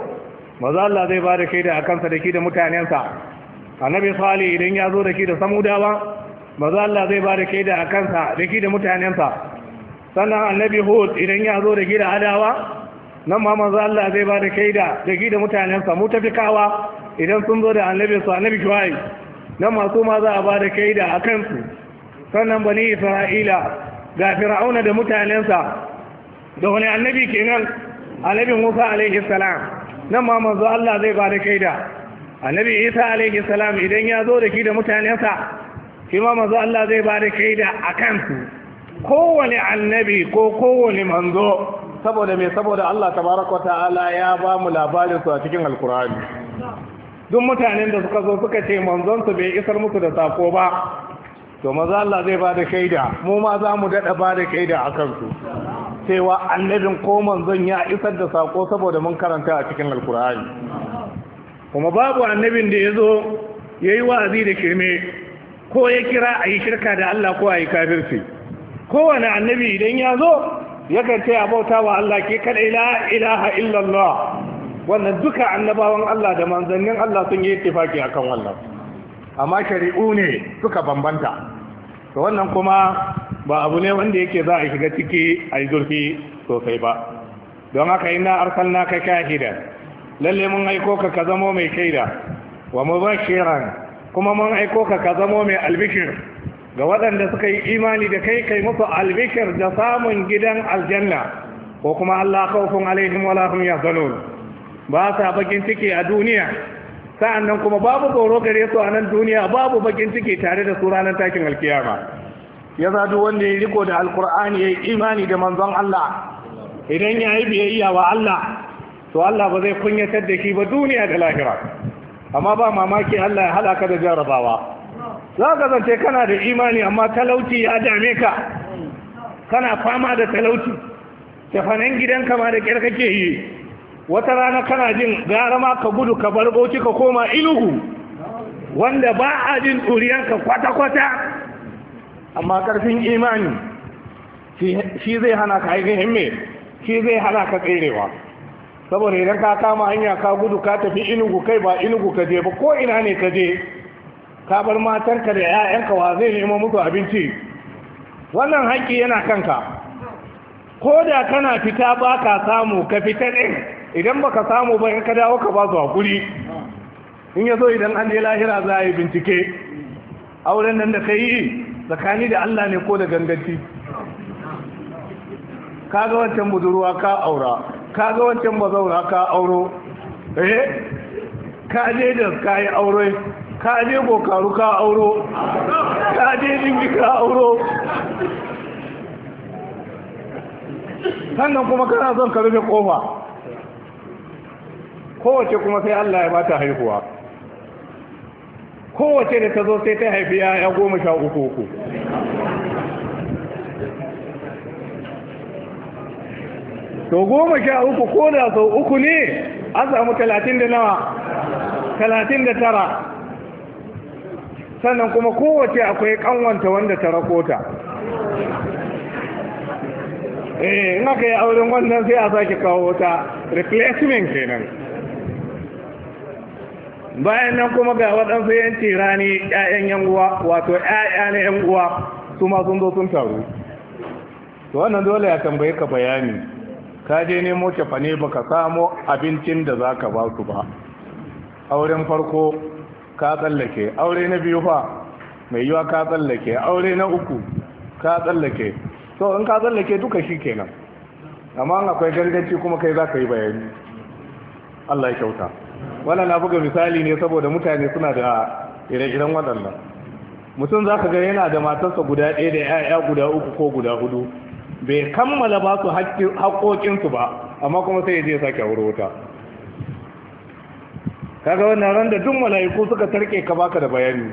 maza Allah zai ba da kai da akansa da ki da mutanensa annabi salih idan ya zo da ki da samudawa maza Allah zai ba da kai da akansa da ki da mutanensa sannan annabi hud idan ya zo da ki da adawa nan ma maza Allah zai ba da kai da ki da mutanensa mu tafi kawa idan sun zo da annabi su annabi shuwai nan masu ma za a ba da kai da akansu sannan bani isra'ila ga fir'auna da mutanensa da wani annabi kenan annabi Musa alaihi salam nan ma manzo Allah zai ba da kaida annabi Isa alaihi salam idan ya zo da ki da mutanensa shi ma manzo Allah zai ba da kaida akan su kowane annabi ko kowane manzo saboda me saboda Allah tabaraka ta'ala ya ba mu labarin su a cikin alkurani duk mutanen da suka zo suka ce manzon su bai isar musu da sako ba to maza Allah zai ba da shaida mu ma za mu daɗa ba da shaida a kansu cewa annabin ko manzon ya isar da sako saboda mun karanta a cikin alkur'ani kuma babu annabin da ya zo ya yi wa'azi da kirme ko ya kira a yi shirka da Allah ko ayi yi kafirci kowane annabi idan ya zo yakan a bauta wa Allah ke kada ila ilaha illallah wannan duka annabawan Allah da manzannin Allah sun yi ittifaki akan wannan amma shari'u ne suka bambanta to wannan kuma ba abu ne wanda yake za a shiga ciki a yi zurfi sosai ba don haka ina arsalna ka shahida lalle mun aiko ka ka zamo mai shaida wa mubashiran kuma mun aiko ka ka zamo mai albishir ga waɗanda suka yi imani da kai kai musu albishir da samun gidan aljanna ko kuma Allah khawfun alaihim wala hum yahzanun ba sa bakin ciki a duniya sa'annan kuma babu tsoro gare su a nan duniya babu bakin ciki tare da su ranar takin alkiyama ya za wanda ya riko da alkur'ani ya yi imani da manzon Allah idan ya yi biyayya wa Allah to Allah ba zai kunyatar da shi ba duniya da lahira amma ba mamaki Allah ya halaka da jarabawa za ka zance kana da imani amma talauci ya dame ka kana fama da talauci tafanen gidan kama da kyar kake yi wata rana kana jin gara ma ka gudu ka bar bauchi ka koma ilugu wanda ba a jin ɗuriyanka kwata-kwata amma ƙarfin imani shi zai hana ka haifin himme shi zai hana ka tserewa saboda idan ka kama hanya ka gudu ka tafi inugu kai ba inugu ka je ba ko ina ne ka je ka bar matanka da 'ya'yanka wa zai nemo muku abinci wannan haƙƙi yana kanka ko da kana fita ba ka samu ka fita ɗin idan baka samu ba ka dawo ka ba su hakuri in ya idan an je lahira za a yi bincike auren nan da ka yi tsakani da Allah ne ko da ganganci ka ga wancan budurwa ka aura ka ga wancan bazaura ka auro eh ka je da ka yi aure ka je bokaru ka auro ka je jingi ka auro sannan kuma kana son ka rufe kofa kowace kuma sai Allah ya bata haihuwa kowace da ta zo sai ta haifi ya goma sha uku uku to goma sha uku ko da sau uku ne an samu talatin da nawa talatin da tara sannan kuma kowace akwai kanwanta wanda ta rakota eh in aka yi auren wannan sai a sake kawo ta replacement kenan bayan nan kuma ga waɗansu yanci rani ƴaƴan yan uwa wato ƴaƴa na yan uwa su ma sun zo sun taru to wannan dole ya tambayi ka bayani ka je ne nemo fane baka samo abincin da zaka ba su ba auren farko ka tsallake aure na biyu fa mai yiwa ka tsallake aure na uku ka tsallake to in ka tsallake duka shi kenan amma akwai gargaci kuma kai za ka yi bayani Allah ya kyauta wannan na buga misali ne saboda mutane suna da ire-iren waɗannan mutum za ka ga yana da matarsa guda ɗaya da 'ya'ya guda uku ko guda hudu bai kammala ba su haƙoƙinsu ba amma kuma sai ya je sake aure wuta kaga wannan ran da duk mala'iku suka tarke ka baka da bayani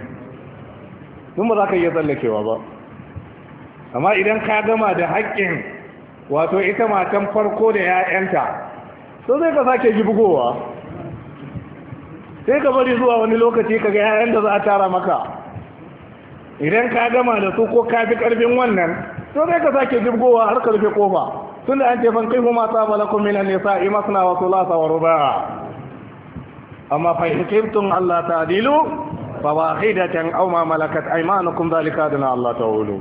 duk ba za ka iya tsallakewa ba amma idan ka gama da haƙƙin wato ita matan farko da 'ya'yanta to zai ka sake ji bugowa sai ka bari zuwa wani lokaci ka ga yayan da za a tara maka idan ka gama da su ko ka fi karfin wannan to kai ka sake jibgowa har ka rufe kofa tun da an ce fan kaifu ma saba lakum min an-nisa imasna wa thulatha wa ruba'a amma fa in kuntum allah ta'dilu fa wahidatan aw ma malakat aymanukum dhalika dana Allah ta'ulu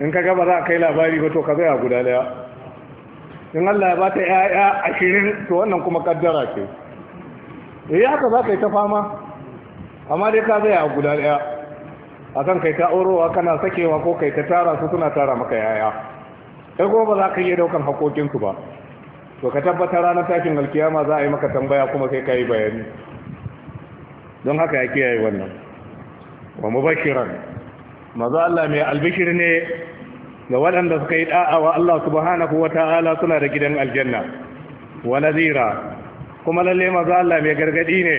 in ka ba za a kai labari ba to ka zaya guda daya in Allah ya ba ta 'ya'ya ashirin to wannan kuma kaddara ce yi eh, haka za ka yi ta fama amma dai ka zai a guda daya a kan kai ta aurowa kana sakewa ko kai ta tara su suna tara maka yaya kai kuma ba za ka iya daukan haƙoƙinsu ba to ka tabbata ranar tashin alkiyama za a yi maka tambaya kuma sai ka yi bayani don haka ya kiyaye wannan wa mubashiran maza Allah mai albishir ne ga waɗanda suka yi ɗa'a wa Allah subhanahu wa ta'ala suna da gidan aljanna wa nazira kuma lalle maza Allah mai gargadi ne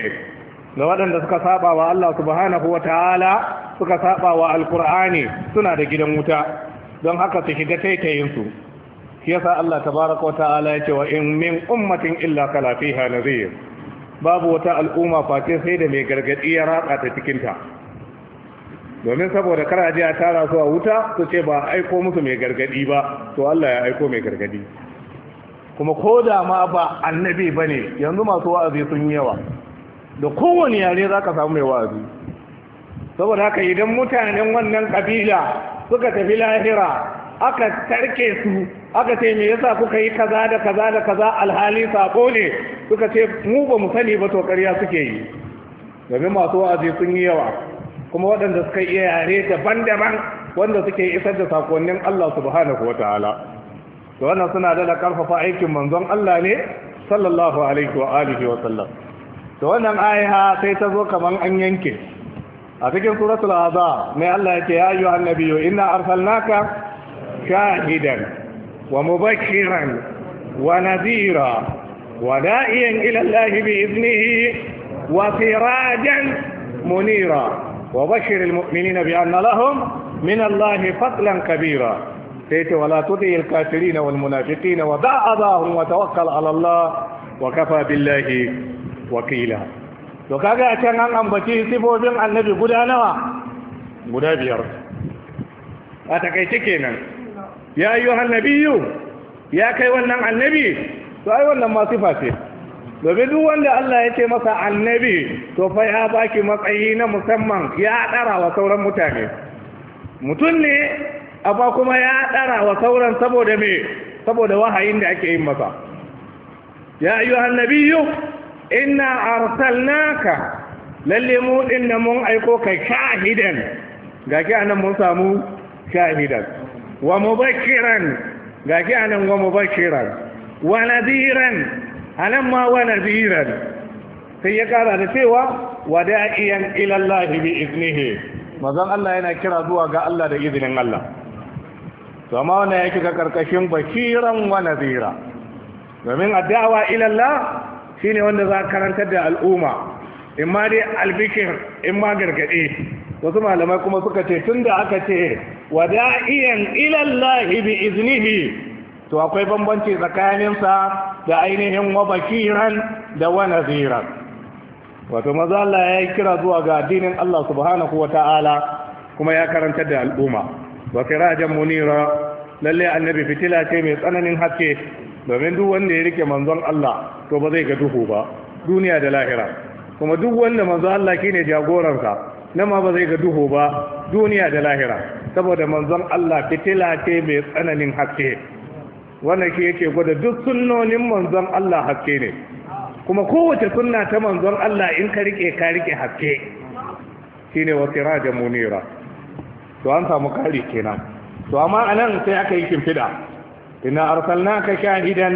ga waɗanda suka saba wa Allah subhanahu wa ta'ala suka saba wa alkur'ani suna da gidan wuta don haka su shiga taitayin su shi yasa Allah tabaraka wa ta'ala ce wa in min ummatin illa kala fiha nadhir babu wata al'umma face sai da mai gargadi ya ratsa ta cikin ta domin saboda kar a je a tara su a wuta su ce ba aiko musu mai gargadi ba to Allah ya aiko mai gargadi kuma ko da ma ba annabi ba ne yanzu masu wa'azi sun yi yawa da kowane yare za ka samu mai wa'azi saboda haka idan mutanen wannan kabila suka tafi lahira aka tarke su aka ce me yasa kuka yi kaza da kaza da kaza alhali sako ne suka ce mu ba mu sani ba to ƙarya suke yi domin masu wa'azi sun yi yawa kuma waɗanda suka iya yare daban-daban wanda suke isar da sakonnin Allah subhanahu wa ta'ala to wannan suna da karfafa aikin manzon Allah ne sallallahu alaihi wa alihi wa sallam to wannan aya sai ta zo kaman an yanke a cikin suratul azab mai Allah yake ya ayyuhan nabiyyu inna arsalnaka shahidan wa mubashiran wa nadhira wa da'iyan ila Allah bi iznihi wa sirajan munira wa bashiril mu'minina bi anna lahum min Allah fadlan kabira sai ta wala tuti al-kafirin wal munafiqin wa da'adahum wa tawakkal ala Allah wa kafa billahi wakila to kaga a can an ambaci sifofin annabi guda nawa guda biyar a takaice kenan ya ayyuhan nabiyyu ya kai wannan annabi to ai wannan ma sifa ce domin duk wanda Allah ya ce masa annabi to fa ya baki matsayi na musamman ya dara wa sauran mutane mutum ne amma kuma ya ɗara wa sauran saboda me saboda wahayin da ake yin masa ya ayyu annabiyyu inna arsalnaka lalle mu din nan mun aiko ka shahidan gaki anan mun samu shahidan wa mubashiran gaki anan wa mubashiran wa nadiran anan ma wa nadiran sai ya kara da cewa wada'iyan ila Allah bi iznihi mazan Allah yana kira zuwa ga Allah da izinin Allah to amma wannan ya shiga karkashin bashiran wa nazira domin addawa ilallah shine wanda za karantar da al'umma in ma dai in ma gargaɗe wasu malamai kuma suka ce tun da aka ce wada'iyan ilallahi bi iznihi to akwai bambanci tsakaninsa da ainihin wa bashiran da wa naziran wato maza Allah ya yi kira zuwa ga addinin Allah subhanahu wa ta'ala kuma ya karantar da al'umma wa kirajan munira lalle annabi fitila ce mai tsananin haske domin duk wanda ya rike manzon Allah to ba zai ga duhu ba duniya da lahira kuma duk wanda manzon Allah kine jagoransa na ma ba zai ga duhu ba duniya da lahira saboda manzon Allah fitila ce mai tsananin haske wannan shi yake gwada duk sunnonin manzon Allah haske ne kuma kowace sunna ta manzon Allah in ka rike ka rike haske shine wasira da munira to an samu kari kenan to amma anan sai aka yi kimfida inna arsalnaka shahidan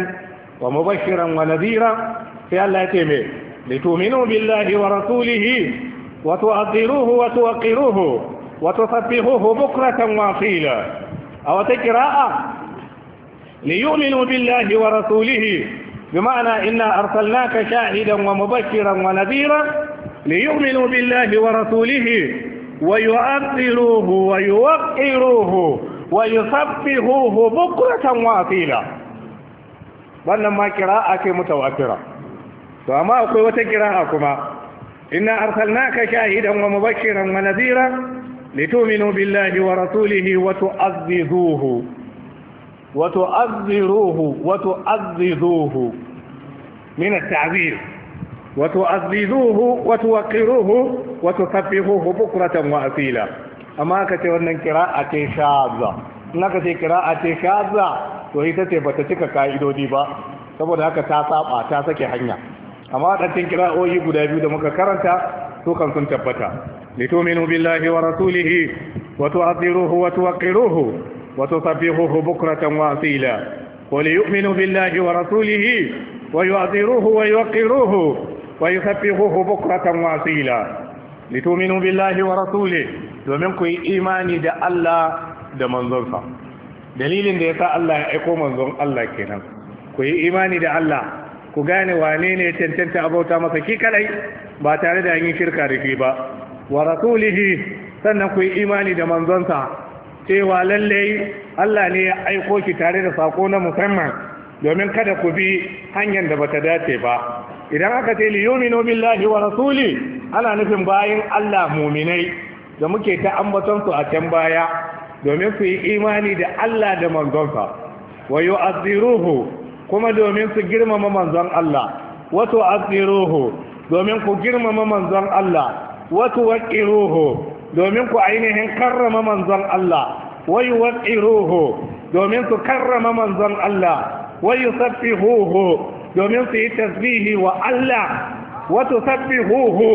wa mubashiran wa nadhira sai Allah ya ce me litu'minu billahi wa rasulihi wa tu'adhiruhu wa tuqiruhu wa tusabbihuhu bukratan wa asila aw taqra'a liyu'minu billahi wa rasulihi بمعنى إنا أرسلناك شاهدا ومبشرا ونذيرا ليؤمنوا بالله ورسوله ويؤثروه ويوقروه ويصبحوه بكرة واطيلة بل ما كراءة متوأثرة فما أقول وتكراءكما إنا أرسلناك شاهدا ومبشرا ونذيرا لتؤمنوا بالله ورسوله وتؤذذوه وتؤذروه وتؤذذوه من التعذير وتعززوه وتوقروه وتسبحوه بكرة وأصيلا أما كتي ونن قراءة شاذة إنك تي قراءة شاذة وهي تتي بتتك قائدو ديبا saboda haka ta saɓa, ta sake hanya amma wadannan kira'o'i guda biyu da muka karanta to kan sun tabbata litu'minu billahi wa rasulihi wa tu'azziruhu wa tuwaqqiruhu wa tusabbihuhu bukratan ويسبحه بكرة واصيلا لتؤمنوا بالله ورسوله domin ku yi imani da Allah da manzonsa dalilin da ya sa Allah ya aiko manzon Allah kenan ku yi imani da Allah ku gane wane ne cancanta abauta masa ki kalai ba tare da yin shirka da shi ba wa rasulihi sannan ku yi imani da manzonsa cewa lallai Allah ne ya aiko ki tare da sako na musamman domin kada ku bi hanyar da bata dace ba idan aka ce li yuminu billahi wa rasuli ana nufin bayan Allah muminai da muke ta ambaton su a can baya domin su yi imani da Allah da manzonsa wa yu'azziruhu kuma domin su girmama manzon Allah wa tu'azziruhu domin ku girmama manzon Allah wa tuwaqqiruhu domin ku ainihin karrama manzon Allah wa yuwaqqiruhu domin su karrama manzon Allah wa yusabbihuhu domin su yi tasbihi wa Allah wa tusabbihuhu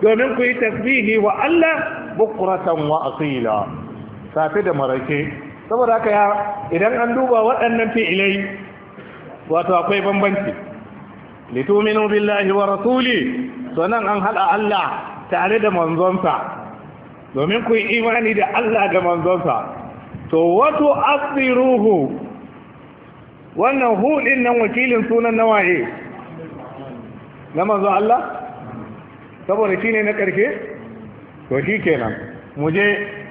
domin ku yi tasbihi wa Allah bukuratan wa asila safi da marake saboda haka ya idan an duba waɗannan fi'ilai wato akwai bambanci lituminu billahi wa rasuli sanan an hada Allah tare da manzonsa domin ku yi imani da Allah da manzonsa to wato asiruhu wannan hu din nan wakilin sunan nawa ne na manzo Allah saboda ne na karshe to shi kenan. mu je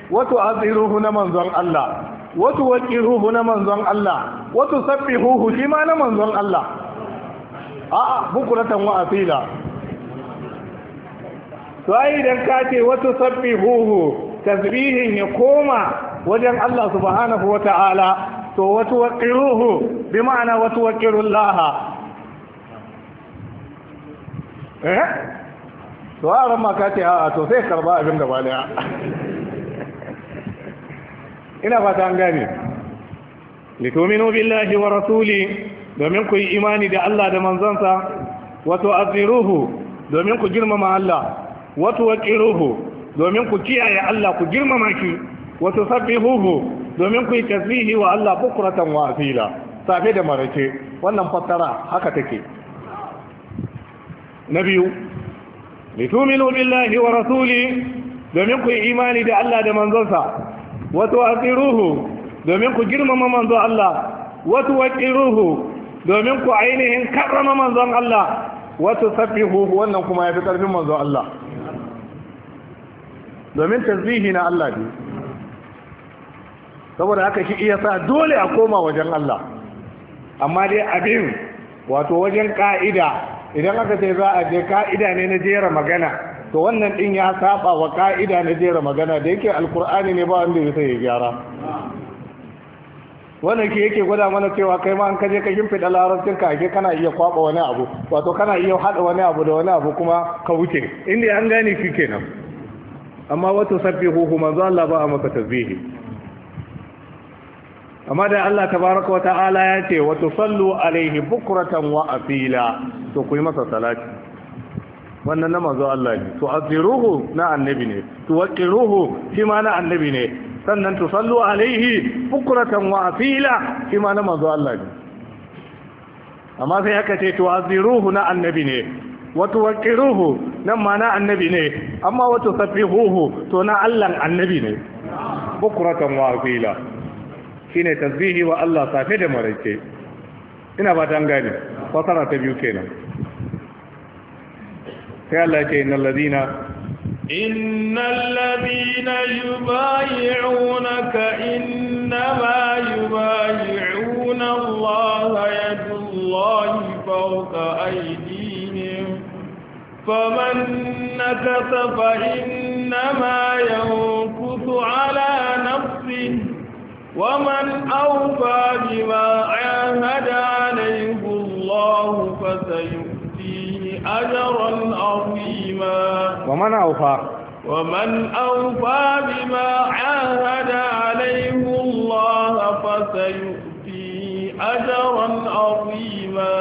wato ruhu na manzon Allah wato ruhu na manzon Allah wato sabbihuhu shi ma na manzon Allah a'a bukuratan wa asila to ai idan ka ce wato ruhu tasbihin ya koma wajen Allah subhanahu wa ta'ala to wato ruhu. bi ma'ana wasu wakilun laha eh to a ran maka ce a'a to sai karba abin gaba daya ina fata an gane litominu billahi wa rasuli domin ku yi imani da Allah da manzansa wato aziruhu domin ku girmama Allah wato waqiruhu domin ku kiyaye Allah ku girmama shi wato sabbihuhu domin ku yi tasbihi wa Allah bukratan wa asila safe da marake wannan fassara haka take na biyu lituminu billahi wa rasuli domin ku imani da Allah da manzonsa wato asiruhu domin ku girmama manzon Allah wato waqiruhu domin ku ainihin karrama manzon Allah wato safihu wannan kuma yafi karfin manzon Allah domin tasbihi na Allah ne saboda haka shi iya sa dole a koma wajen Allah amma dai abin wato wajen ka'ida idan aka ce za a je ka'ida ne na jera magana to wannan din ya saba wa ka'ida na jera magana da yake alkur'ani ne ba wanda ya sai ya gyara wannan ke yake gwada mana cewa kai ma an kaje ka yin fida larabcin ka ake kana iya kwaba wani abu wato kana iya hada wani abu da wani abu kuma ka wuce inda an gane shi kenan amma wato sabbihu huma zalla ba a maka tasbihi amma da Allah tabaraka wa ta'ala ya ce wa tusallu alaihi bukratan wa asila to ku yi masa salati wannan na manzo Allah ne to aziruhu na annabi ne to waqiruhu shi ma na annabi ne sannan tusallu alaihi bukratan wa asila shi ma na manzo Allah ne amma sai aka ce to aziruhu na annabi ne wato waqiruhu nan ma na annabi ne amma wato safihuhu to na Allah annabi ne bukratan wa asila shine tasbihi wa Allah safe da maraice ina ba ta gane fasara ta biyu kenan sai Allah ya ce innal ladina innal ladina yubayyi'unaka innama yubayyi'una Allah yadullahi fawqa aydihim faman nakasa fa innama yankutu ala nafsihi ومن أوفى بما عاهد عليه الله فسيؤتيه أجرا عظيما ومن أوفى ومن أوفى بما عاهد عليه الله فسيؤتيه أجرا عظيما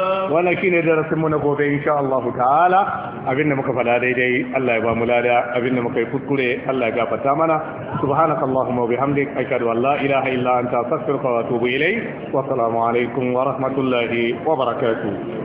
darasin mu na gobe insha Allah ta'ala abinda muka fada daidai Allah ya ba mu lada abinda muka yi kuskure Allah ya gafarta mana subhanakallahumma wa bihamdik ashhadu an la ilaha illa anta astaghfiruka wa atubu ilayk wa assalamu alaikum wa rahmatullahi wa barakatuh